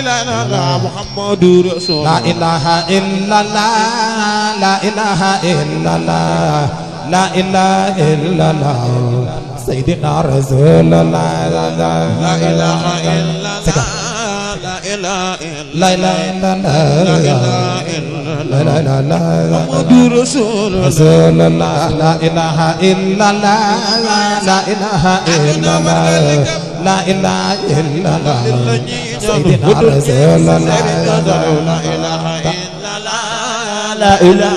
إله محمد رسول لا إله إلا الله لا إله إلا الله لا إله إلا الله سيدنا رسول الله لا إله إلا الله لا إله إلا الله لا لا لا محمد رسول الله لا إله إلا الله لا إله إلا الله لا إله إلا الله سيدنا رسول الله لا إله إلا الله لا إله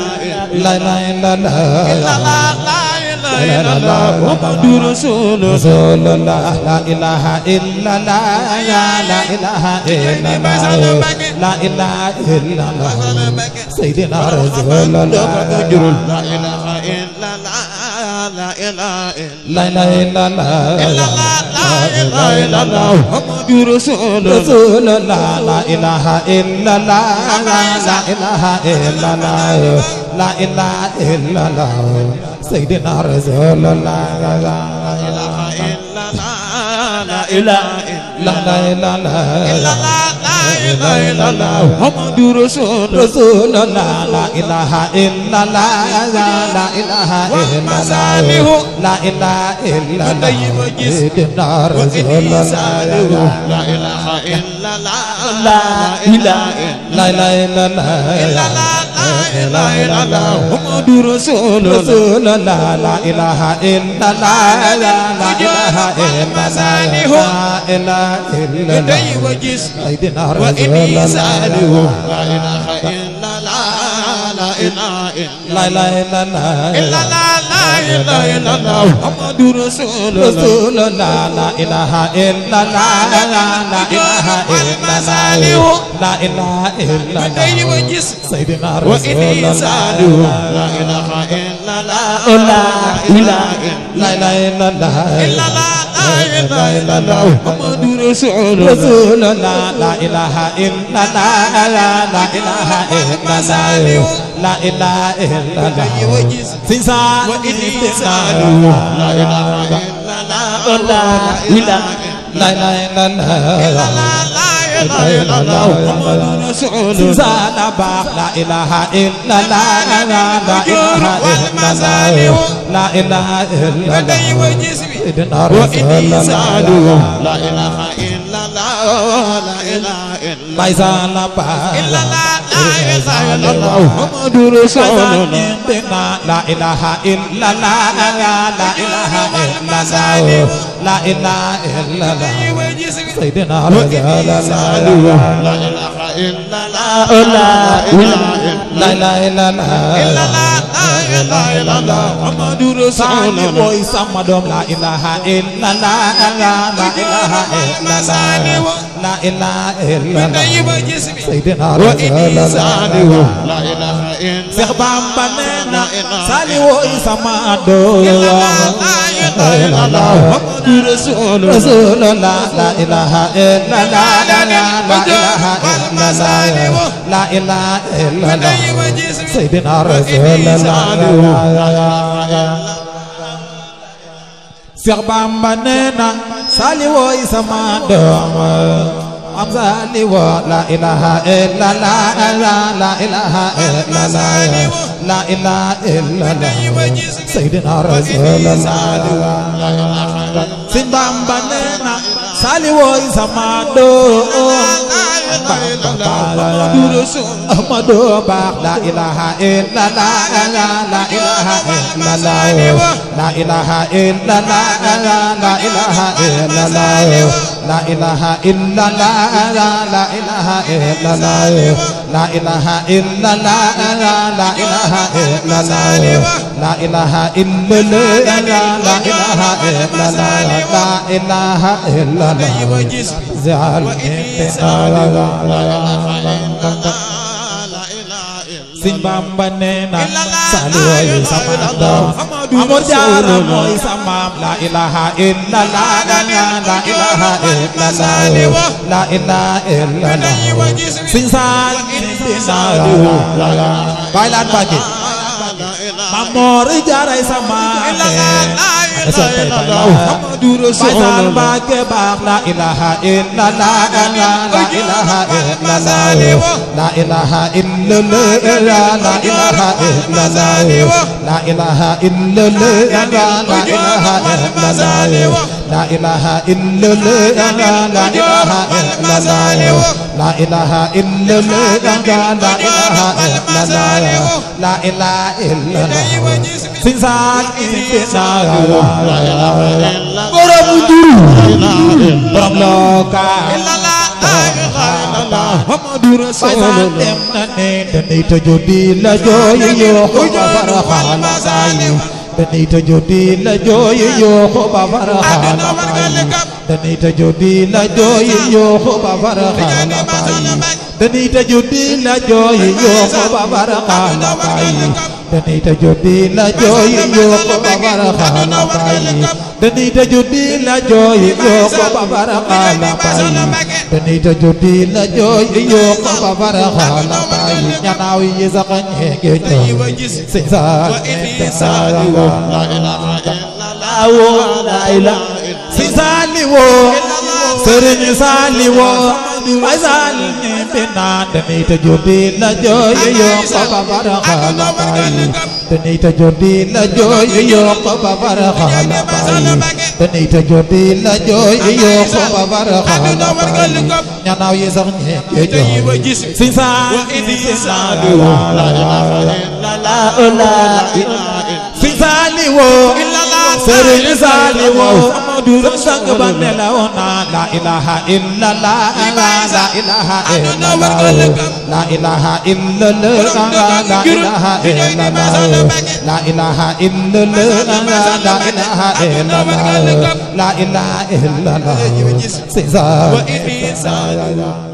إلا الله محمد رسول الله لا اله الا الله لا اله الا الله لا اله الا الله سيدنا رسول الله لا اله الا الله لا اله الا الله إله إلا الله محمد رسول رسول الله لا إله إلا الله لا إله إلا الله لا إله إلا الله سيدنا رسول الله لا إله إلا الله لا إله إلا الله ilaha illallah Muhammadur rasulullah la ilaha illallah la ilaha illallah la ilaha illallah sayyidina rasulullah la ilaha illallah la ilaha illallah ilaha illallah muhammadu rasulullah la ilaha illallah la ilaha illallah wa inni salihu la ilaha illallah لا لا لا لا لا محمد رسول رسول لا لا إله إلا لا لا لا إله إلا لا لا إله إلا لا سيدنا رسول الله لا إله إلا لا لا إله إلا لا لا إلا لا لا إله إلا الله محمد رسول الله لا إله إلا الله لا إله إلا الله لا إله إلا الله سنسان وإنسان لا إله إلا الله لا إله إلا الله لا إله إلا الله رسول زاد باع لا إله إلا الله لا إله إلا الله لا إله إلا الله سيدنا رسول الله لا إله إلا الله لا إله إلا الله إلا الله محمد رسول الله لا إله إلا الله لا إله إلا الله لا إله إلا الله سيدنا رسول الله لا إله إلا الله لا إله la ilaha illallah la ilaha illallah Muhammadu Rasulullah mooy sama doom la ilaha illallah la ilaha illallah la ilaha illallah Seydina Rasulullah la ilaha illallah Seex Bamba neena Saliwu sama doom la ilaha illallah Muhammadu Rasulullah la ilaha illallah la ilaha سالم لا إله إلا الله سيدنا رسول الله Seex Bamba nee na Saaliwooy sama doom am Saaliwoo la ilaha illa la la ilaha illa la ilaha illa la Seydina Rasulallah Seex Bamba nee na sali woy sama doom amado baax la ilaha illa eh, la la ilaha illa eh, oh. eh, la la ilaha illa la la oh. لا إله إلا الله لا إله إلا الله لا إله إلا الله لا إله إلا الله لا إله إلا الله لا إله إلا الله لا إله إلا الله زعل لا لا لا لا sëñ Bamba nee na Saliou wayu sama doom Amor Jaara mooy samaam la ilaha illallah la ilaha illallah la ilaha illallah sëñ Saal bay laan Mbàkke Amor Jaara sama la ilaha illallah sëñ saal indi naa la borom jur borom looka Muhammadu Rasulullah dem na ne danay tëjoo di la jooy yoo ko ba faraxal saayu danay tëjoo di la jooy yoo ko ba faraxal saayu danay tëjoo di la jooy yoo ko ba faraxal saayu danay tëjoo di la jooy yoo ko ba faraxal saayu dañuy ta juddi la jooy yoo ko ba bara xaala bàyyi dañuy ta juddi la jooy yoo ko ba bara xaala la jooy yoo ko ba bara xaala bàyyi ñanaaw yi sax ñeegi jooy si saa ñeegi saa woo la ilaha li woo sëriñ saa li woo ay saal ni te naan dañuy tëjoo di la jooy yokk ba bara xaala bàyyi dañuy tëjoo di la jooy yokk ba bara xaala bàyyi dañuy tëjoo di la jooy yokk ba bara xaala bàyyi ñanaaw yi sax ñee ke jooy si saa si saa la la la la la la la la la la la la la la la sëriñ Saliou Amadou sa sang ba nelaw na la ilaha illallah la ilaha illallah la ilaha illallah la ilaha illallah la ilaha illallah la ilaha illallah la ilaha illallah